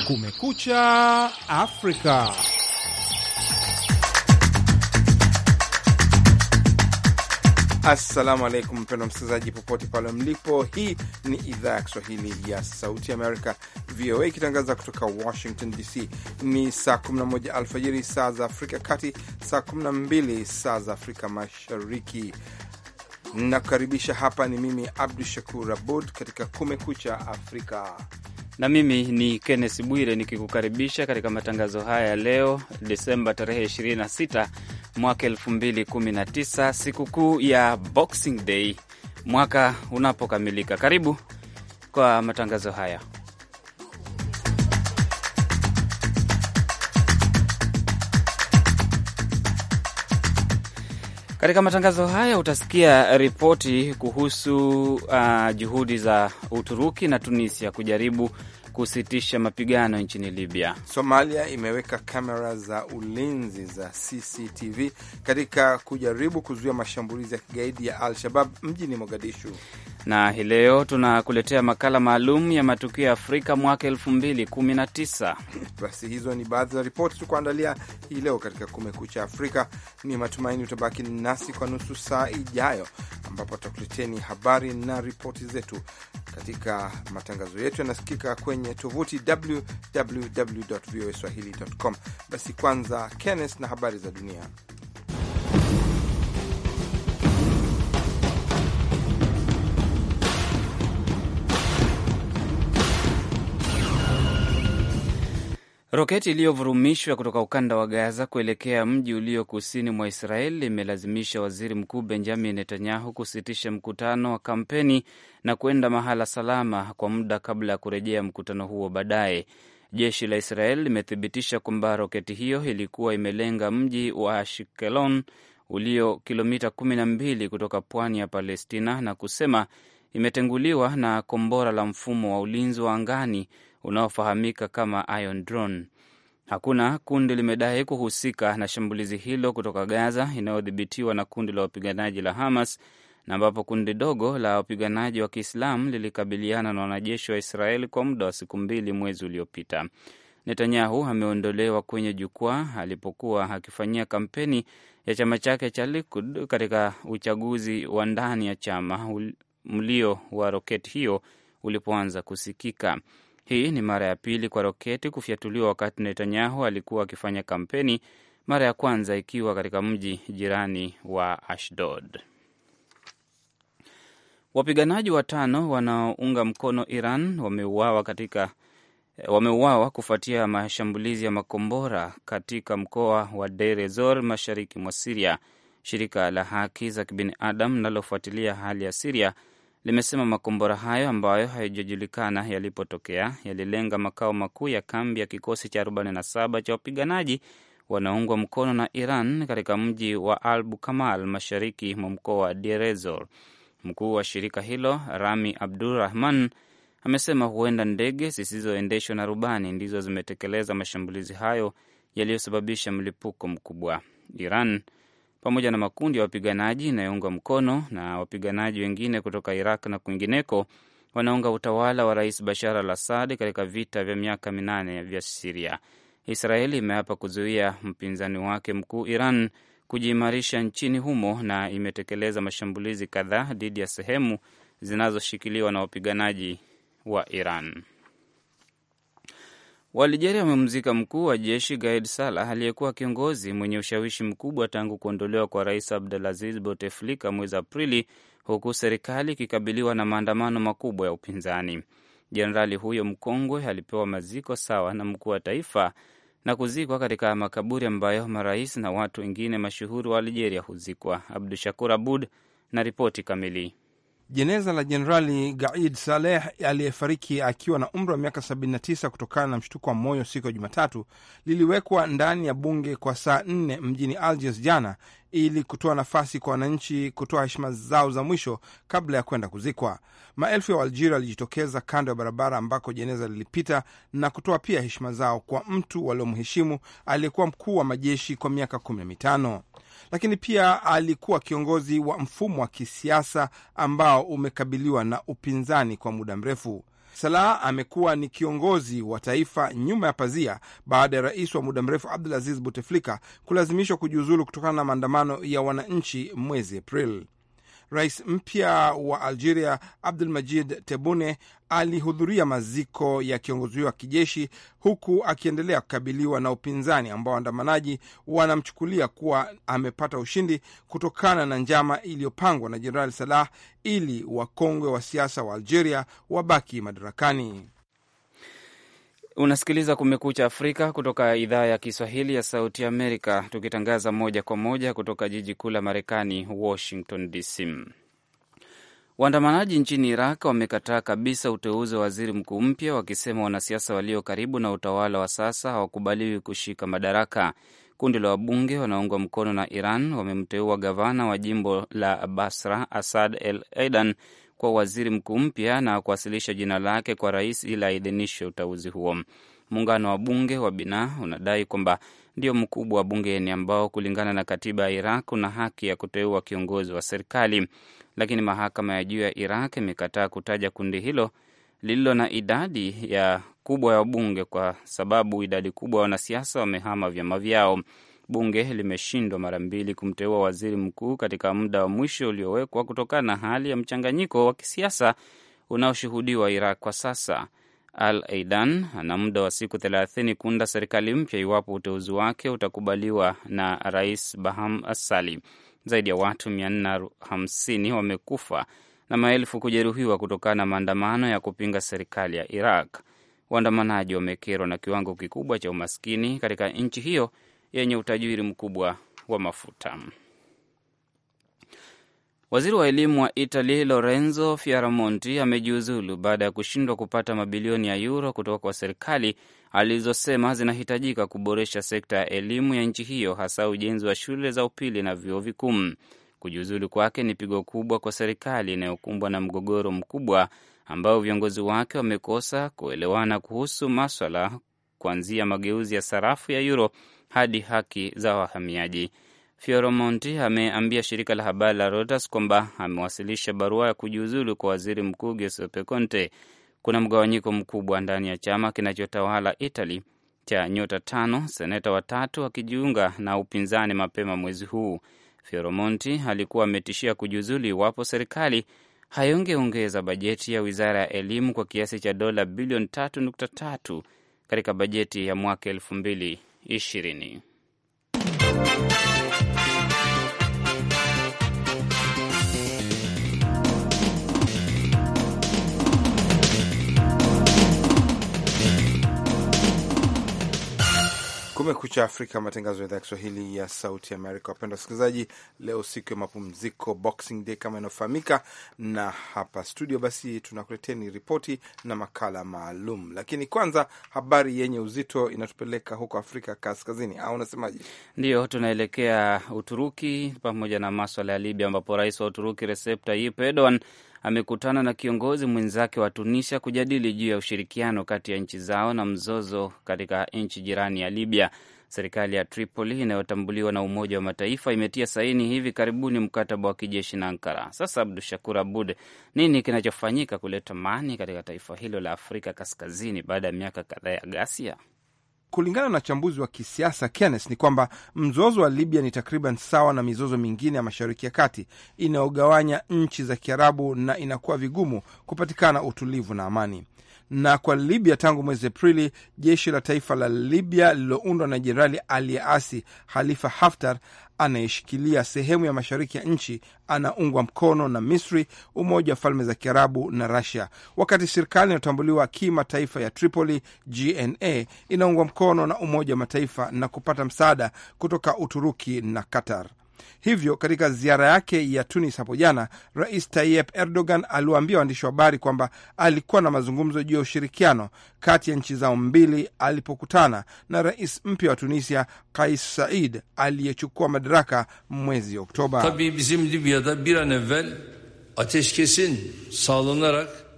Kumekucha Afrika. Assalamu alaikum, mpendwa msikilizaji popote pale mlipo. Hii ni idhaa ya Kiswahili ya Sauti Amerika, VOA, ikitangaza kutoka Washington DC. Ni saa 11 alfajiri saa za Afrika Kati, saa 12 saa za Afrika Mashariki nakukaribisha hapa. Ni mimi Abdu Shakur Abud katika Kumekucha Afrika na mimi ni kennes Bwire nikikukaribisha katika matangazo haya ya leo Desemba tarehe 26 mwaka 2019, sikukuu ya Boxing Day mwaka unapokamilika. Karibu kwa matangazo haya. Katika matangazo haya utasikia ripoti kuhusu uh, juhudi za Uturuki na Tunisia kujaribu kusitisha mapigano nchini Libya. Somalia imeweka kamera za ulinzi za CCTV katika kujaribu kuzuia mashambulizi ya kigaidi ya Al-Shabab mjini Mogadishu. Na hii leo tunakuletea makala maalum ya matukio ya Afrika mwaka 2019. Basi hizo ni baadhi za ripoti tukuandalia hii leo katika Kumekucha Afrika. Ni matumaini utabaki nasi kwa nusu saa ijayo, ambapo tutakuleteni habari na ripoti zetu katika matangazo yetu yanasikika kwenye kwenye tovuti www.voaswahili.com. Basi kwanza Kenneth na habari za dunia. Roketi iliyovurumishwa kutoka ukanda wa Gaza kuelekea mji ulio kusini mwa Israel imelazimisha waziri mkuu Benjamin Netanyahu kusitisha mkutano wa kampeni na kuenda mahala salama kwa muda kabla ya kurejea mkutano huo baadaye. Jeshi la Israel limethibitisha kwamba roketi hiyo ilikuwa imelenga mji wa Ashikelon ulio kilomita 12 kutoka pwani ya Palestina na kusema imetenguliwa na kombora la mfumo wa ulinzi wa angani unaofahamika kama Iron Drone. Hakuna kundi limedai kuhusika na shambulizi hilo kutoka Gaza inayodhibitiwa na kundi la wapiganaji la Hamas na ambapo kundi dogo la wapiganaji wa Kiislamu lilikabiliana na wanajeshi wa Israeli kwa muda wa siku mbili mwezi uliopita. Netanyahu ameondolewa kwenye jukwaa alipokuwa akifanyia kampeni ya chama chake cha Likud katika uchaguzi wa ndani ya chama. Mlio wa roketi hiyo ulipoanza kusikika hii ni mara ya pili kwa roketi kufyatuliwa wakati Netanyahu alikuwa akifanya kampeni, mara ya kwanza ikiwa katika mji jirani wa Ashdod. Wapiganaji watano wanaounga mkono Iran wameuawa katika wameuawa kufuatia mashambulizi ya makombora katika mkoa wa Deir mashariki mwa Siria. Shirika la haki za kibinadamu linalofuatilia hali ya Siria limesema makombora hayo ambayo hayajajulikana yalipotokea yalilenga makao makuu ya kambi ya kikosi cha 47 cha wapiganaji wanaungwa mkono na Iran katika mji wa Albu Kamal, mashariki mwa mkoa wa Derezor. Mkuu wa shirika hilo Rami Abdurrahman amesema huenda ndege zisizoendeshwa na rubani ndizo zimetekeleza mashambulizi hayo yaliyosababisha mlipuko mkubwa. Iran pamoja na makundi ya wapiganaji inayoungwa mkono na wapiganaji wengine kutoka Iraq na kwingineko wanaunga utawala wa Rais Bashar al Assad katika vita vya miaka minane vya Siria. Israeli imeapa kuzuia mpinzani wake mkuu Iran kujiimarisha nchini humo na imetekeleza mashambulizi kadhaa dhidi ya sehemu zinazoshikiliwa na wapiganaji wa Iran wa Algeria wamemzika mkuu wa jeshi Gaid Salah aliyekuwa kiongozi mwenye ushawishi mkubwa tangu kuondolewa kwa rais Abdulaziz Bouteflika mwezi Aprili, huku serikali ikikabiliwa na maandamano makubwa ya upinzani. Jenerali huyo mkongwe alipewa maziko sawa na mkuu wa taifa na kuzikwa katika makaburi ambayo marais na watu wengine mashuhuri wa Algeria huzikwa. Abdu Shakur Abud na ripoti kamili. Jeneza la Jenerali Gaid Saleh aliyefariki akiwa na umri wa miaka 79 kutokana na mshtuko wa moyo siku ya Jumatatu liliwekwa ndani ya bunge kwa saa nne mjini Algiers jana ili kutoa nafasi kwa wananchi kutoa heshima zao za mwisho kabla ya kwenda kuzikwa. Maelfu ya Waalgeria walijitokeza kando ya barabara ambako jeneza lilipita na kutoa pia heshima zao kwa mtu waliomheshimu aliyekuwa mkuu wa majeshi kwa miaka kumi na mitano lakini pia alikuwa kiongozi wa mfumo wa kisiasa ambao umekabiliwa na upinzani kwa muda mrefu. Salah amekuwa ni kiongozi wa taifa nyuma ya pazia baada ya rais wa muda mrefu abdul aziz Bouteflika kulazimishwa kujiuzulu kutokana na maandamano ya wananchi mwezi Aprili. Rais mpya wa Algeria Abdul Majid Tebune alihudhuria maziko ya kiongozi huyo wa kijeshi huku akiendelea kukabiliwa na upinzani ambao waandamanaji wanamchukulia kuwa amepata ushindi kutokana na njama iliyopangwa na Jenerali Salah ili wakongwe wa siasa wa Algeria wabaki madarakani. Unasikiliza Kumekucha Afrika kutoka idhaa ya Kiswahili ya Sauti Amerika, tukitangaza moja kwa moja kutoka jiji kuu la Marekani, Washington DC. Waandamanaji nchini Iraq wamekataa kabisa uteuzi wa waziri mkuu mpya, wakisema wanasiasa walio karibu na utawala wa sasa hawakubaliwi kushika madaraka. Kundi la wabunge wanaoungwa mkono na Iran wamemteua gavana wa jimbo la Basra Asad El Aidan kwa waziri mkuu mpya na kuwasilisha jina lake kwa rais ili aidhinishe uteuzi huo. Muungano wa bunge wa Binaa unadai kwamba ndio mkubwa wa bungeni ambao kulingana na katiba ya Iraq una haki ya kuteua kiongozi wa serikali, lakini mahakama ya juu ya Iraq imekataa kutaja kundi hilo lililo na idadi ya kubwa ya wabunge kwa sababu idadi kubwa ya wanasiasa wamehama vyama vyao. Bunge limeshindwa mara mbili kumteua waziri mkuu katika muda wa mwisho uliowekwa kutokana na hali ya mchanganyiko wa kisiasa unaoshuhudiwa Iraq kwa sasa. Al Aidan ana muda wa siku thelathini kuunda serikali mpya iwapo uteuzi wake utakubaliwa na Rais Baham asali Zaidi ya watu 450 wamekufa na maelfu kujeruhiwa kutokana na maandamano ya kupinga serikali ya Iraq. Waandamanaji wamekerwa na kiwango kikubwa cha umaskini katika nchi hiyo yenye utajiri mkubwa wa mafuta. Waziri wa elimu wa Italy Lorenzo Fiaramonti amejiuzulu baada ya kushindwa kupata mabilioni ya yuro kutoka kwa serikali alizosema zinahitajika kuboresha sekta ya elimu ya nchi hiyo, hasa ujenzi wa shule za upili na vyuo vikuu. Kujiuzulu kwake ni pigo kubwa kwa serikali inayokumbwa na mgogoro mkubwa ambao viongozi wake wamekosa kuelewana kuhusu maswala kuanzia mageuzi ya sarafu ya yuro hadi haki za wahamiaji fioromonti ameambia shirika la habari la Reuters kwamba amewasilisha barua ya kujiuzulu kwa waziri mkuu Giuseppe Conte. Kuna mgawanyiko mkubwa ndani ya chama kinachotawala Italy cha nyota tano, seneta watatu akijiunga na upinzani mapema mwezi huu. fioromonti alikuwa ametishia kujiuzulu iwapo serikali hayongeongeza bajeti ya wizara ya elimu kwa kiasi cha dola bilioni 3.3 katika bajeti ya mwaka 220 Kumekucha Afrika, matangazo ya idhaa ya Kiswahili ya Sauti Amerika. wapenda wasikilizaji, leo siku ya mapumziko, Boxing Day kama inayofahamika, na hapa studio basi tunakuleteni ripoti na makala maalum, lakini kwanza habari yenye uzito inatupeleka huko Afrika Kaskazini, au unasemaje? Ndiyo, tunaelekea Uturuki pamoja na maswala ya Libya, ambapo rais wa Uturuki Recep Tayyip Erdogan amekutana na kiongozi mwenzake wa Tunisia kujadili juu ya ushirikiano kati ya nchi zao na mzozo katika nchi jirani ya Libya. Serikali ya Tripoli inayotambuliwa na Umoja wa Mataifa imetia saini hivi karibuni mkataba wa kijeshi na Ankara. Sasa, Abdu Shakur Abud, nini kinachofanyika kuleta amani katika taifa hilo la Afrika Kaskazini baada ya miaka kadhaa ya ghasia? Kulingana na wachambuzi wa kisiasa Kenneth, ni kwamba mzozo wa Libya ni takriban sawa na mizozo mingine ya Mashariki ya Kati inayogawanya nchi za Kiarabu na inakuwa vigumu kupatikana utulivu na amani na kwa Libya, tangu mwezi Aprili jeshi la taifa la Libya lililoundwa na jenerali aliyeasi Khalifa Haftar anayeshikilia sehemu ya mashariki ya nchi anaungwa mkono na Misri, Umoja wa Falme za Kiarabu na Rasia, wakati serikali inayotambuliwa kimataifa ya Tripoli GNA inaungwa mkono na Umoja wa Mataifa na kupata msaada kutoka Uturuki na Qatar. Hivyo, katika ziara yake ya Tunis hapo jana, Rais Tayyip Erdogan aliwaambia waandishi wa habari kwamba alikuwa na mazungumzo juu ya ushirikiano kati ya nchi zao mbili alipokutana na rais mpya wa Tunisia Kais Said aliyechukua madaraka mwezi Oktoba.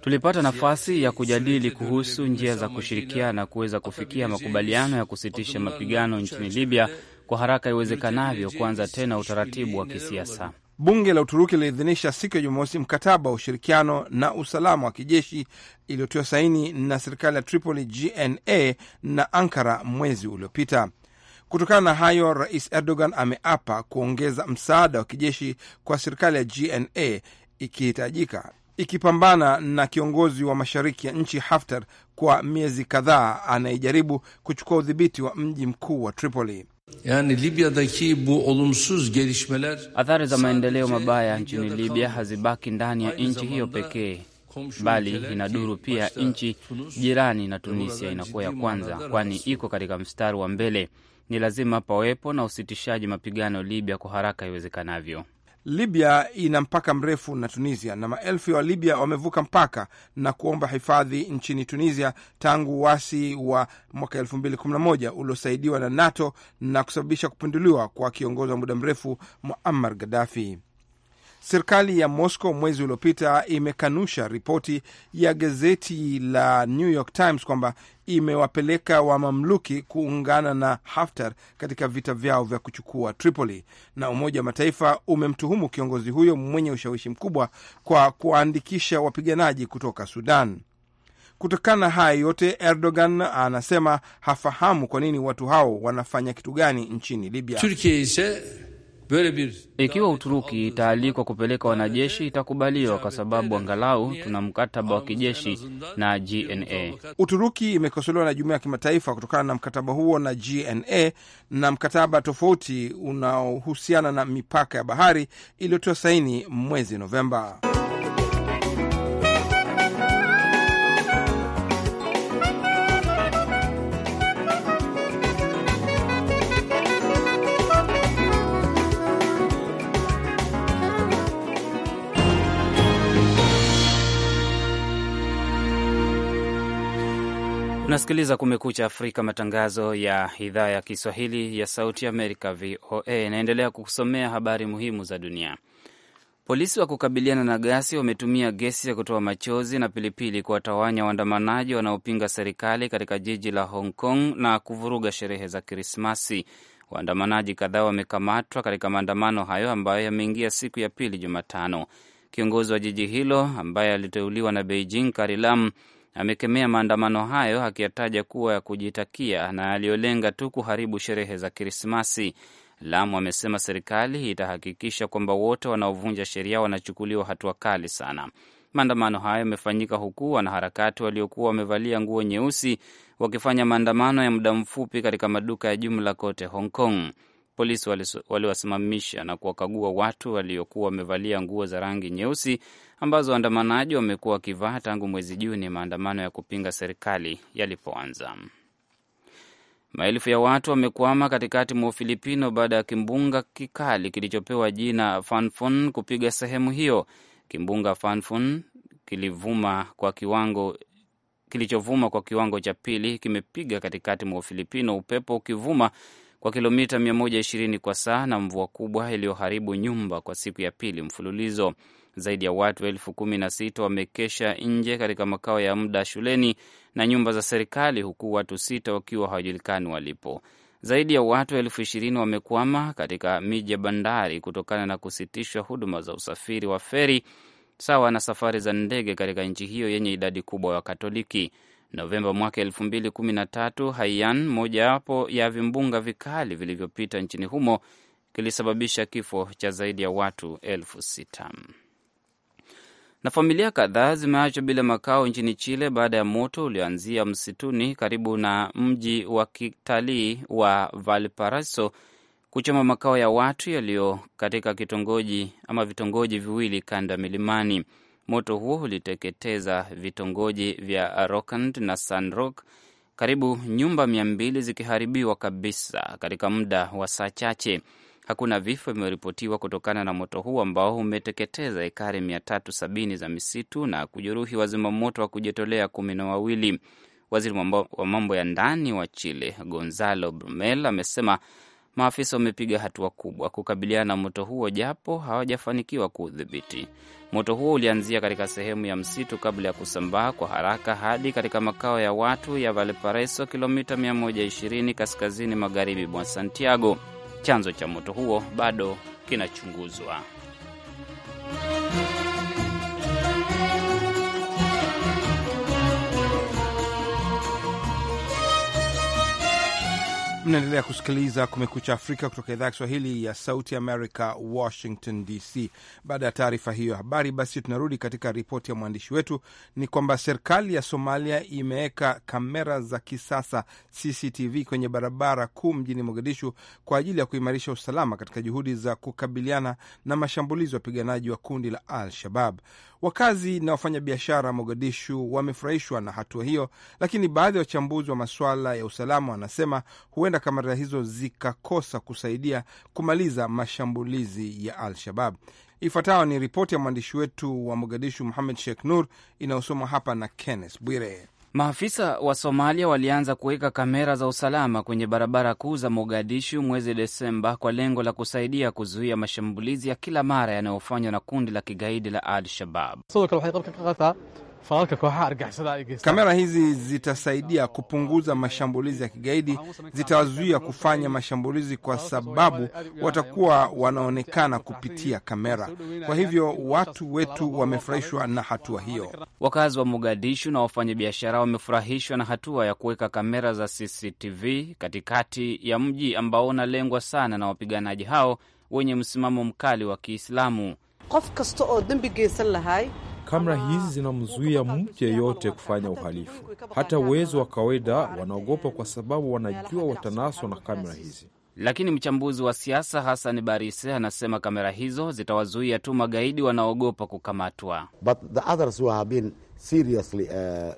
tulipata nafasi ya kujadili kuhusu njia za kushirikiana kuweza kufikia makubaliano ya kusitisha mapigano nchini Libya kwa haraka iwezekanavyo kuanza tena utaratibu wa kisiasa. Bunge la Uturuki liliidhinisha siku ya Jumamosi mkataba wa ushirikiano na usalama wa kijeshi iliyotiwa saini na serikali ya Tripoli GNA na Ankara mwezi uliopita. Kutokana na hayo, Rais Erdogan ameapa kuongeza msaada wa kijeshi kwa serikali ya GNA ikihitajika, ikipambana na kiongozi wa mashariki ya nchi Haftar kwa miezi kadhaa anayejaribu kuchukua udhibiti wa mji mkuu wa Tripoli. Yani Libya'daki bu olumsuz gelişmeler, athari za maendeleo mabaya nchini Libya hazibaki ndani ya nchi hiyo pekee bali inaduru pia nchi jirani na Tunisia inakuwa ya kwanza, kwani iko katika mstari wa mbele. Ni lazima pawepo na usitishaji mapigano Libya kwa haraka iwezekanavyo. Libya ina mpaka mrefu na Tunisia na maelfu ya Walibya wamevuka mpaka na kuomba hifadhi nchini Tunisia tangu uasi wa mwaka moja uliosaidiwa na NATO na kusababisha kupinduliwa kwa kiongozi wa muda mrefu Muammar Gaddafi. Serikali ya Moscow mwezi uliopita imekanusha ripoti ya gazeti la New York Times kwamba imewapeleka Wamamluki kuungana na Haftar katika vita vyao vya kuchukua Tripoli, na Umoja wa Mataifa umemtuhumu kiongozi huyo mwenye ushawishi mkubwa kwa kuwaandikisha wapiganaji kutoka Sudan. Kutokana na haya yote, Erdogan anasema hafahamu kwa nini watu hao wanafanya kitu gani nchini Libya. ise Böyle bir ikiwa Uturuki itaalikwa kupeleka wanajeshi itakubaliwa, kwa sababu angalau tuna mkataba wa kijeshi na GNA. Uturuki imekosolewa na jumuiya ya kimataifa kutokana na mkataba huo na GNA na mkataba tofauti unaohusiana na mipaka ya bahari iliyotoa saini mwezi Novemba. Unasikiliza Kumekucha Afrika, matangazo ya idhaa ya Kiswahili ya Sauti Amerika, VOA. Inaendelea kukusomea habari muhimu za dunia. Polisi wa kukabiliana na gasi wametumia gesi ya kutoa machozi na pilipili kuwatawanya waandamanaji wanaopinga serikali katika jiji la Hong Kong na kuvuruga sherehe za Krismasi. Waandamanaji kadhaa wamekamatwa katika maandamano hayo ambayo yameingia siku ya pili Jumatano. Kiongozi wa jiji hilo ambaye aliteuliwa na Beijing, Carrie Lam amekemea maandamano hayo akiyataja kuwa ya kujitakia na yaliyolenga tu kuharibu sherehe za Krismasi. Lamu amesema serikali itahakikisha kwamba wote wanaovunja sheria wanachukuliwa hatua kali sana. Maandamano hayo yamefanyika huku wanaharakati waliokuwa wamevalia nguo nyeusi wakifanya maandamano ya muda mfupi katika maduka ya jumla kote Hong Kong. Polisi waliwasimamisha na kuwakagua watu waliokuwa wamevalia nguo za rangi nyeusi ambazo waandamanaji wamekuwa wakivaa tangu mwezi Juni, maandamano ya kupinga serikali yalipoanza. Maelfu ya watu wamekwama katikati mwa Ufilipino baada ya kimbunga kikali kilichopewa jina Fanfon kupiga sehemu hiyo. Kimbunga Fanfon kilivuma kwa kiwango kilichovuma kwa kiwango cha pili kimepiga katikati mwa Ufilipino, upepo ukivuma kwa kilomita 120 kwa saa na mvua kubwa iliyoharibu nyumba kwa siku ya pili mfululizo. Zaidi ya watu elfu kumi na sita wamekesha nje katika makao ya muda shuleni na nyumba za serikali, huku watu sita wakiwa hawajulikani walipo. Zaidi ya watu elfu ishirini wamekwama katika miji ya bandari kutokana na kusitishwa huduma za usafiri wa feri sawa na safari za ndege katika nchi hiyo yenye idadi kubwa ya Wakatoliki. Novemba mwaka elfu mbili kumi na tatu, Haiyan, mojawapo ya vimbunga vikali vilivyopita nchini humo, kilisababisha kifo cha zaidi ya watu elfu sita na familia kadhaa zimeachwa bila makao nchini Chile baada ya moto ulioanzia msituni karibu na mji wa kitalii wa Valparaiso kuchoma makao ya watu yaliyo katika kitongoji ama vitongoji viwili kando ya milimani. Moto huo uliteketeza vitongoji vya Rockand na Sanrok, karibu nyumba mia mbili zikiharibiwa kabisa katika muda wa saa chache. Hakuna vifo vimeripotiwa kutokana na moto huu ambao umeteketeza ekari mia tatu sabini za misitu na kujeruhi wazima moto wa kujitolea kumi na wawili. Waziri wa mambo ya ndani wa Chile Gonzalo Brumel amesema Maafisa wamepiga hatua kubwa kukabiliana na moto huo japo hawajafanikiwa kuudhibiti. Moto huo ulianzia katika sehemu ya msitu kabla ya kusambaa kwa haraka hadi katika makao ya watu ya Valparaiso, kilomita 120 kaskazini magharibi mwa Santiago. Chanzo cha moto huo bado kinachunguzwa. Mnaendelea kusikiliza Kumekucha Afrika kutoka idhaa ya Kiswahili ya Sauti Amerika, Washington DC. Baada ya taarifa hiyo ya habari, basi tunarudi katika ripoti ya mwandishi wetu. Ni kwamba serikali ya Somalia imeweka kamera za kisasa CCTV kwenye barabara kuu mjini Mogadishu kwa ajili ya kuimarisha usalama katika juhudi za kukabiliana na mashambulizi ya wapiganaji wa kundi la Al Shabab. Wakazi na wafanyabiashara Mogadishu wamefurahishwa na hatua hiyo, lakini baadhi ya wachambuzi wa masuala ya usalama wanasema huenda kamera hizo zikakosa kusaidia kumaliza mashambulizi ya Al-Shabab. Ifuatayo ni ripoti ya mwandishi wetu wa Mogadishu, Muhamed Sheikh Nur, inayosomwa hapa na Kenneth Bwire. Maafisa wa Somalia walianza kuweka kamera za usalama kwenye barabara kuu za Mogadishu mwezi Desemba kwa lengo la kusaidia kuzuia mashambulizi ya kila mara yanayofanywa na kundi la kigaidi la Al Shabab. Kamera hizi zitasaidia kupunguza mashambulizi ya kigaidi, zitawazuia kufanya mashambulizi kwa sababu watakuwa wanaonekana kupitia kamera. Kwa hivyo watu wetu wamefurahishwa na hatua hiyo. Wakazi wa Mogadishu na wafanyabiashara wamefurahishwa na hatua ya kuweka kamera za CCTV katikati ya mji ambao unalengwa sana na wapiganaji hao wenye msimamo mkali wa Kiislamu. qof kasta oo dembi geysan lahay Kamera hizi zinamzuia mtu yeyote kufanya uhalifu. Hata uwezo wa kawaida wanaogopa, kwa sababu wanajua watanaswa na kamera hizi. Lakini mchambuzi wa siasa Hassan Barise anasema kamera hizo zitawazuia tu magaidi wanaogopa kukamatwa. But the others who have been seriously, uh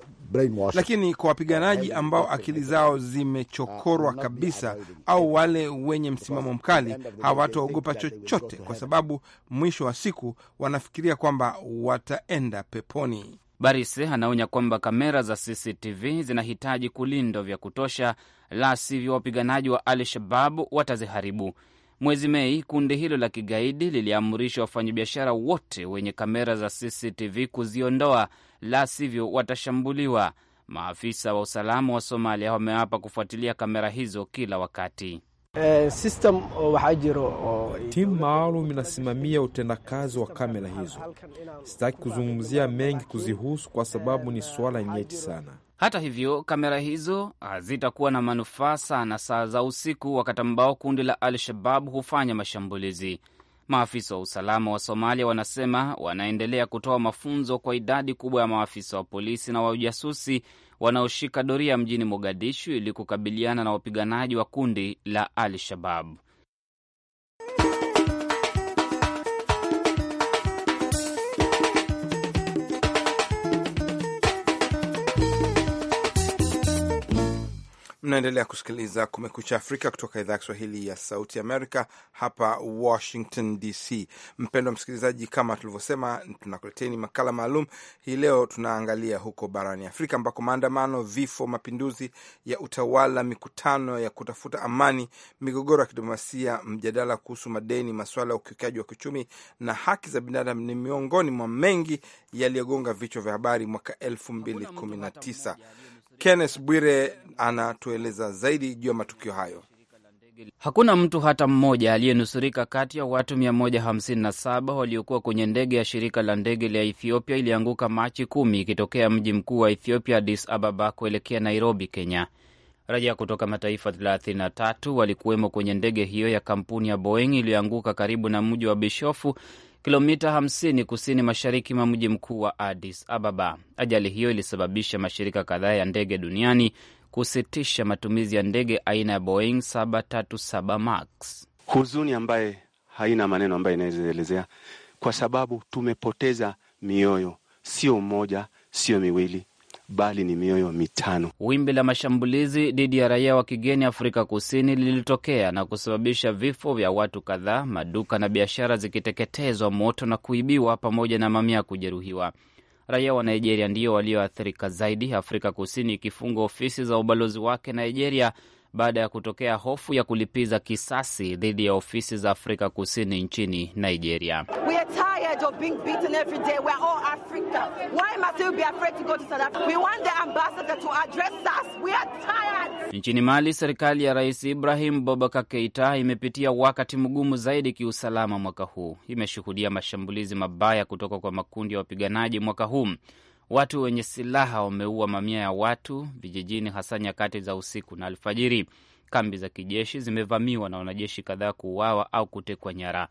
lakini kwa ah, wapiganaji ambao akili zao zimechokorwa ah, kabisa au wale wenye msimamo mkali hawataogopa chochote, kwa sababu mwisho wa siku wanafikiria kwamba wataenda peponi. Baris anaonya kwamba kamera za CCTV zinahitaji kulindwa vya kutosha, la sivyo wapiganaji wa Al Shababu wataziharibu. Mwezi Mei, kundi hilo la kigaidi liliamrisha wafanyabiashara wote wenye kamera za CCTV kuziondoa, la sivyo watashambuliwa. Maafisa wa usalama wa Somalia wamewapa kufuatilia kamera hizo kila wakati. Eh, Timu oh, oh, maalum inasimamia utendakazi wa kamera hizo. Sitaki kuzungumzia mengi kuzihusu kwa sababu ni suala nyeti sana. Hata hivyo, kamera hizo hazitakuwa na manufaa sana saa za usiku, wakati ambao kundi la Al-Shabab hufanya mashambulizi. Maafisa wa usalama wa Somalia wanasema wanaendelea kutoa mafunzo kwa idadi kubwa ya maafisa wa polisi na wa ujasusi wanaoshika doria mjini Mogadishu ili kukabiliana na wapiganaji wa kundi la Al-Shabab. Mnaendelea kusikiliza Kumekucha Afrika kutoka idhaa ya Kiswahili ya Sauti Amerika hapa Washington DC. Mpendwa msikilizaji, kama tulivyosema, tunakuleteni makala maalum hii leo. Tunaangalia huko barani Afrika ambako maandamano, vifo, mapinduzi ya utawala, mikutano ya kutafuta amani, migogoro ya kidiplomasia, mjadala kuhusu madeni, masuala ya ukiukaji wa kiuchumi na haki za binadamu ni miongoni mwa mengi yaliyogonga vichwa vya habari mwaka 2019. Kenneth Bwire anatueleza zaidi juu ya matukio hayo. Hakuna mtu hata mmoja aliyenusurika kati ya watu 157 waliokuwa kwenye ndege ya shirika la ndege la Ethiopia ilianguka Machi kumi ikitokea mji mkuu wa Ethiopia, Addis Ababa, kuelekea Nairobi, Kenya. Raia kutoka mataifa 33 walikuwemo kwenye ndege hiyo ya kampuni ya Boeing iliyoanguka karibu na mji wa Bishofu kilomita 50 kusini mashariki mwa mji mkuu wa Addis Ababa. Ajali hiyo ilisababisha mashirika kadhaa ya ndege duniani kusitisha matumizi ya ndege aina ya Boeing 737 Max. Huzuni ambaye haina maneno ambayo inaweza elezea, kwa sababu tumepoteza mioyo, sio mmoja, sio miwili, bali ni mioyo mitano. Wimbi la mashambulizi dhidi ya raia wa kigeni Afrika Kusini lilitokea na kusababisha vifo vya watu kadhaa, maduka na biashara zikiteketezwa moto na kuibiwa, pamoja na mamia kujeruhiwa. Raia wa Nigeria ndiyo walioathirika zaidi, Afrika Kusini ikifunga ofisi za ubalozi wake Nigeria baada ya kutokea hofu ya kulipiza kisasi dhidi ya ofisi za Afrika Kusini nchini Nigeria tired of being beaten every day. We're all Africa. Why must we be afraid to go to South Africa? We want the ambassador to address us. We are tired. Nchini Mali, serikali ya Rais Ibrahim Bobakar Keita imepitia wakati mgumu zaidi kiusalama mwaka huu. Imeshuhudia mashambulizi mabaya kutoka kwa makundi ya wapiganaji mwaka huu. Watu wenye silaha wameua mamia ya watu vijijini, hasa nyakati za usiku na alfajiri. Kambi za kijeshi zimevamiwa na wanajeshi kadhaa kuuawa au kutekwa nyara.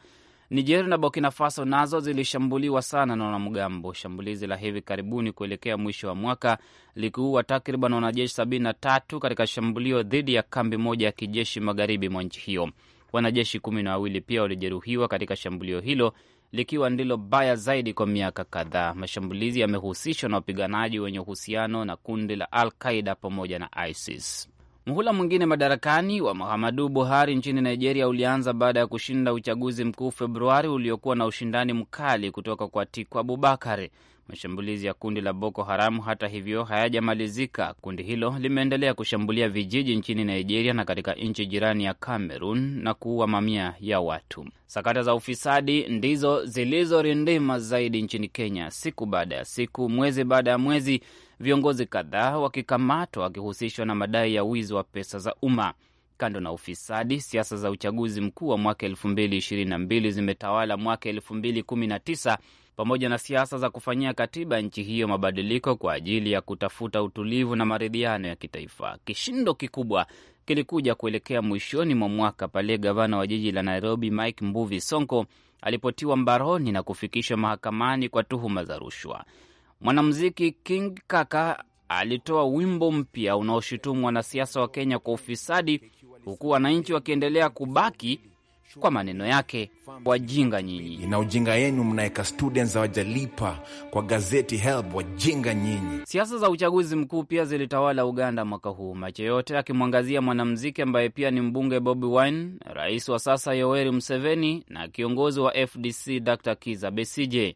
Niger na Burkina Faso nazo zilishambuliwa sana na wanamgambo. Shambulizi la hivi karibuni kuelekea mwisho wa mwaka likiua takriban wanajeshi sabini na tatu katika shambulio dhidi ya kambi moja ya kijeshi magharibi mwa nchi hiyo. Wanajeshi kumi na wawili pia walijeruhiwa katika shambulio hilo likiwa ndilo baya zaidi kwa miaka kadhaa. Mashambulizi yamehusishwa na wapiganaji wenye uhusiano na kundi la Al Qaida pamoja na ISIS. Mhula mwingine madarakani wa Muhammadu Buhari nchini Nigeria ulianza baada ya kushinda uchaguzi mkuu Februari uliokuwa na ushindani mkali kutoka kwa Tiku abubakari Mashambulizi ya kundi la Boko Haramu hata hivyo hayajamalizika. Kundi hilo limeendelea kushambulia vijiji nchini Nigeria na katika nchi jirani ya Cameroon na kuua mamia ya watu. Sakata za ufisadi ndizo zilizorindima zaidi nchini Kenya, siku baada ya siku, mwezi baada ya mwezi, viongozi kadhaa wakikamatwa wakihusishwa na madai ya wizi wa pesa za umma. Kando na ufisadi, siasa za uchaguzi mkuu wa mwaka elfu mbili ishirini na mbili zimetawala mwaka elfu mbili kumi na tisa pamoja na siasa za kufanyia katiba nchi hiyo mabadiliko kwa ajili ya kutafuta utulivu na maridhiano ya kitaifa. Kishindo kikubwa kilikuja kuelekea mwishoni mwa mwaka pale gavana wa jiji la Nairobi Mike Mbuvi Sonko alipotiwa mbaroni na kufikishwa mahakamani kwa tuhuma za rushwa. Mwanamuziki King Kaka alitoa wimbo mpya unaoshutumu wanasiasa wa Kenya kwa ufisadi huku wananchi wakiendelea kubaki kwa maneno yake, wajinga nyinyi na ujinga yenu mnaweka students hawajalipa kwa gazeti help, wajinga nyinyi. Siasa za uchaguzi mkuu pia zilitawala Uganda mwaka huu, macho yote akimwangazia mwanamuziki ambaye pia ni mbunge Bobi Wine, rais wa sasa Yoweri Museveni na kiongozi wa FDC Dr Kiza Besije.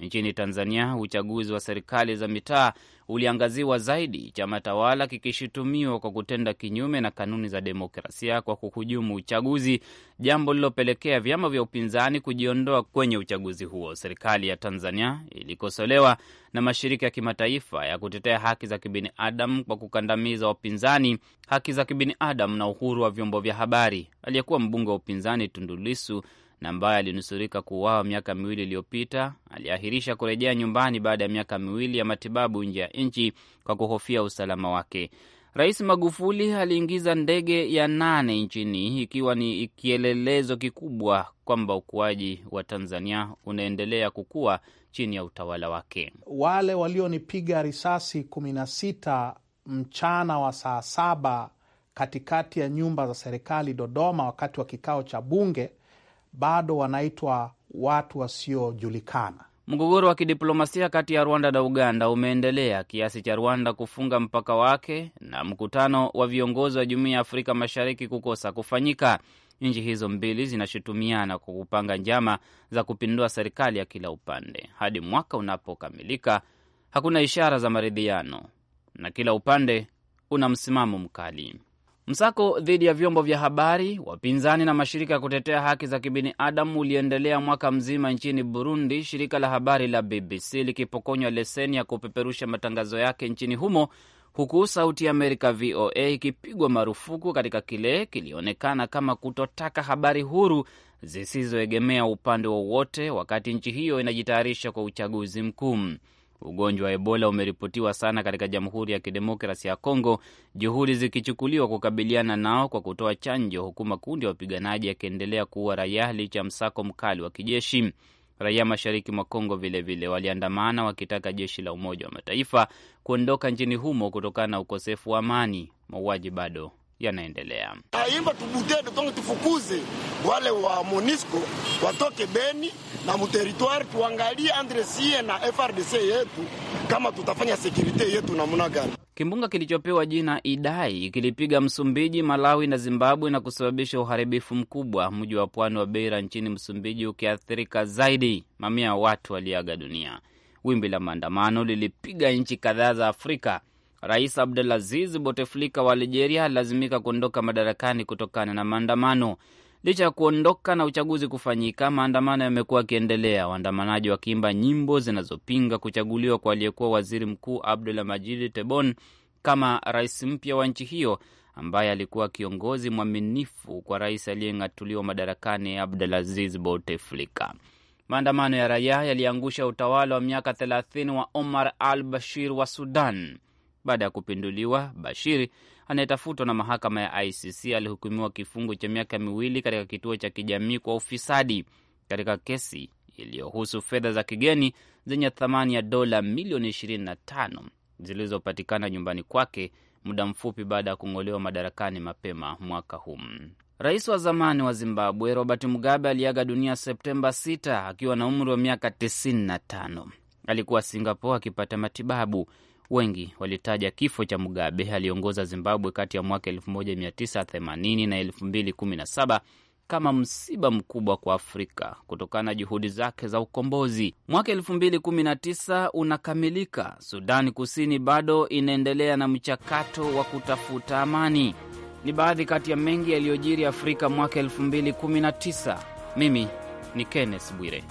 Nchini Tanzania, uchaguzi wa serikali za mitaa uliangaziwa zaidi, chama tawala kikishutumiwa kwa kutenda kinyume na kanuni za demokrasia kwa kuhujumu uchaguzi, jambo lilopelekea vyama vya upinzani kujiondoa kwenye uchaguzi huo. Serikali ya Tanzania ilikosolewa na mashirika ya kimataifa ya kutetea haki za kibinadamu kwa kukandamiza wapinzani, haki za kibinadamu na uhuru wa vyombo vya habari. Aliyekuwa mbunge wa upinzani tundulisu na ambaye alinusurika kuuawa miaka miwili iliyopita aliahirisha kurejea nyumbani baada ya miaka miwili ya matibabu nje ya nchi kwa kuhofia usalama wake. Rais Magufuli aliingiza ndege ya nane nchini ikiwa ni kielelezo kikubwa kwamba ukuaji wa Tanzania unaendelea kukua chini ya utawala wake. Wale walionipiga risasi kumi na sita mchana wa saa saba katikati ya nyumba za serikali Dodoma, wakati wa kikao cha Bunge, bado wanaitwa watu wasiojulikana. Mgogoro wa kidiplomasia kati ya Rwanda na Uganda umeendelea kiasi cha Rwanda kufunga mpaka wake na mkutano wa viongozi wa Jumuiya ya Afrika Mashariki kukosa kufanyika. Nchi hizo mbili zinashutumiana kwa kupanga njama za kupindua serikali ya kila upande. Hadi mwaka unapokamilika, hakuna ishara za maridhiano na kila upande una msimamo mkali. Msako dhidi ya vyombo vya habari, wapinzani na mashirika ya kutetea haki za kibinadamu uliendelea mwaka mzima nchini Burundi, shirika la habari la BBC likipokonywa leseni ya kupeperusha matangazo yake nchini humo, huku Sauti ya Amerika VOA ikipigwa marufuku katika kile kilionekana kama kutotaka habari huru zisizoegemea upande wowote wakati nchi hiyo inajitayarisha kwa uchaguzi mkuu. Ugonjwa wa Ebola umeripotiwa sana katika Jamhuri ya Kidemokrasi ya congo juhudi zikichukuliwa kukabiliana nao kwa kutoa chanjo, huku makundi ya wapiganaji yakiendelea kuua raia licha ya msako mkali wa kijeshi. Raia mashariki mwa Kongo vilevile waliandamana wakitaka jeshi la Umoja wa Mataifa kuondoka nchini humo kutokana na ukosefu wa amani. Mauaji bado yanaendelea. Aimba tubutede tonge tufukuze wale wa Monisco watoke Beni na muteritwari, tuangalie andresie na FRDC yetu kama tutafanya sekurite yetu namna gani. Kimbunga kilichopewa jina Idai kilipiga Msumbiji, Malawi na Zimbabwe na kusababisha uharibifu mkubwa, mji wa pwani wa Beira nchini Msumbiji ukiathirika zaidi, mamia ya watu waliaga dunia. Wimbi la maandamano lilipiga nchi kadhaa za Afrika Rais Abdulaziz Bouteflika wa Algeria alilazimika kuondoka madarakani kutokana na maandamano. Licha ya kuondoka na uchaguzi kufanyika, maandamano yamekuwa yakiendelea, waandamanaji wakiimba nyimbo zinazopinga kuchaguliwa kwa aliyekuwa waziri mkuu abdula Majidi Tebboune kama rais mpya wa nchi hiyo ambaye alikuwa kiongozi mwaminifu kwa rais aliyeng'atuliwa madarakani Abdulaziz Bouteflika. Maandamano ya raia yaliangusha utawala wa miaka 30 wa Omar al Bashir wa Sudan. Baada ya kupinduliwa, Bashiri anayetafutwa na mahakama ya ICC alihukumiwa kifungo cha miaka miwili katika kituo cha kijamii kwa ufisadi katika kesi iliyohusu fedha za kigeni zenye thamani ya dola milioni 25 zilizopatikana nyumbani kwake muda mfupi baada ya kung'olewa madarakani mapema mwaka huu. Rais wa zamani wa Zimbabwe Robert Mugabe aliaga dunia Septemba 6 akiwa na umri wa miaka 95. Alikuwa Singapore akipata matibabu. Wengi walitaja kifo cha Mugabe aliongoza Zimbabwe kati ya mwaka 1980 na 2017 kama msiba mkubwa kwa Afrika kutokana na juhudi zake za ukombozi. Mwaka 2019 unakamilika, Sudani Kusini bado inaendelea na mchakato wa kutafuta amani. Ni baadhi kati ya mengi yaliyojiri Afrika mwaka 2019. Mimi ni Kenneth Bwire.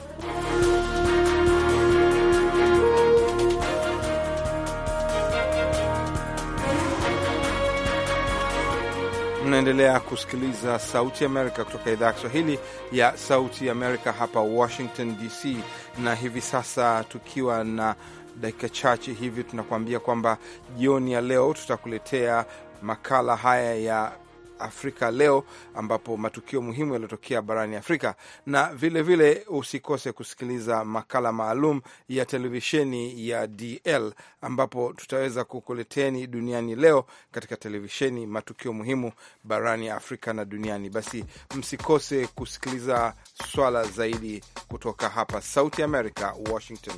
mnaendelea kusikiliza Sauti Amerika kutoka idhaa ya Kiswahili ya Sauti Amerika hapa Washington DC, na hivi sasa tukiwa na dakika chache hivi tunakuambia kwamba jioni ya leo tutakuletea makala haya ya Afrika Leo, ambapo matukio muhimu yaliyotokea barani Afrika, na vilevile vile usikose kusikiliza makala maalum ya televisheni ya DL ambapo tutaweza kukuleteni duniani leo katika televisheni, matukio muhimu barani Afrika na duniani. Basi msikose kusikiliza swala zaidi kutoka hapa Sauti America, Washington.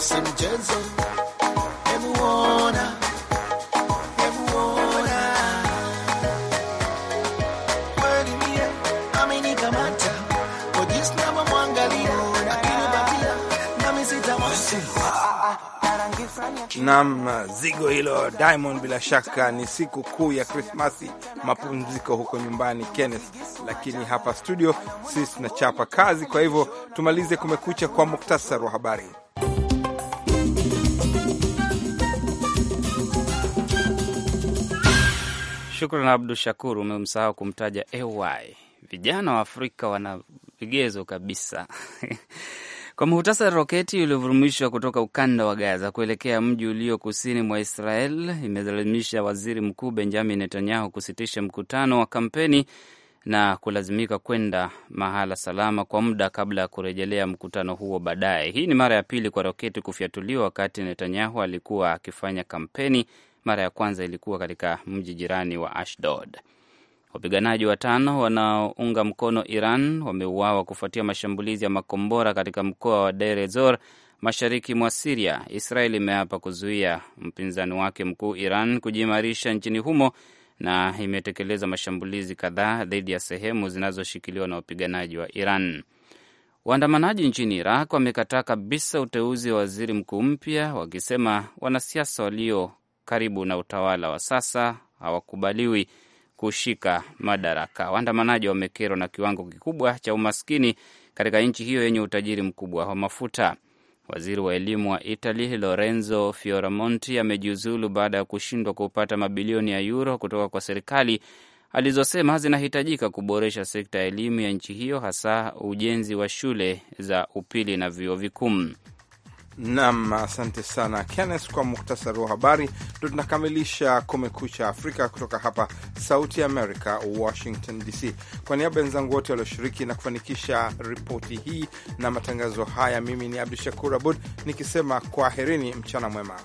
si mchezo, hebu ona, hebu ona, kweli mie amenikamata kwa jinsi lakini nami sitamwacha. Nam zigo hilo Diamond, bila shaka ni siku kuu ya Krismasi, mapumziko huko nyumbani Kenneth, lakini hapa studio sisi tunachapa kazi. Kwa hivyo tumalize Kumekucha kwa muktasari wa habari. Shukran Abdu Shakur, umemsahau kumtaja AY. Vijana wa Afrika wana vigezo kabisa. Kwa muhtasari, roketi iliyovurumishwa kutoka ukanda wa Gaza kuelekea mji ulio kusini mwa Israel imelazimisha waziri mkuu Benjamin Netanyahu kusitisha mkutano wa kampeni na kulazimika kwenda mahala salama kwa muda kabla ya kurejelea mkutano huo baadaye. Hii ni mara ya pili kwa roketi kufyatuliwa wakati Netanyahu alikuwa akifanya kampeni mara ya kwanza ilikuwa katika mji jirani wa Ashdod. Wapiganaji watano wanaounga mkono Iran wameuawa kufuatia mashambulizi ya makombora katika mkoa wa Deir mashariki mwa Siria. Israel imeapa kuzuia mpinzani wake mkuu Iran kujiimarisha nchini humo na imetekeleza mashambulizi kadhaa dhidi ya sehemu zinazoshikiliwa na wapiganaji wa Iran. Waandamanaji nchini Iraq wamekataa kabisa uteuzi wa waziri mkuu mpya, wakisema wanasiasa walio karibu na utawala wa sasa hawakubaliwi kushika madaraka. Waandamanaji wamekerwa na kiwango kikubwa cha umaskini katika nchi hiyo yenye utajiri mkubwa wa mafuta. Waziri wa elimu wa Italy Lorenzo Fioramonti amejiuzulu baada ya kushindwa kupata mabilioni ya yuro kutoka kwa serikali alizosema zinahitajika kuboresha sekta ya elimu ya nchi hiyo, hasa ujenzi wa shule za upili na vyuo vikuu. Nam, asante sana kennes kwa muktasari wa habari. Ndo tunakamilisha Kumekucha Afrika kutoka hapa Sauti America, Amerika, Washington DC. Kwa niaba ya wenzangu wote walioshiriki na kufanikisha ripoti hii na matangazo haya, mimi ni Abdu Shakur Abud nikisema kwaherini, mchana mwema.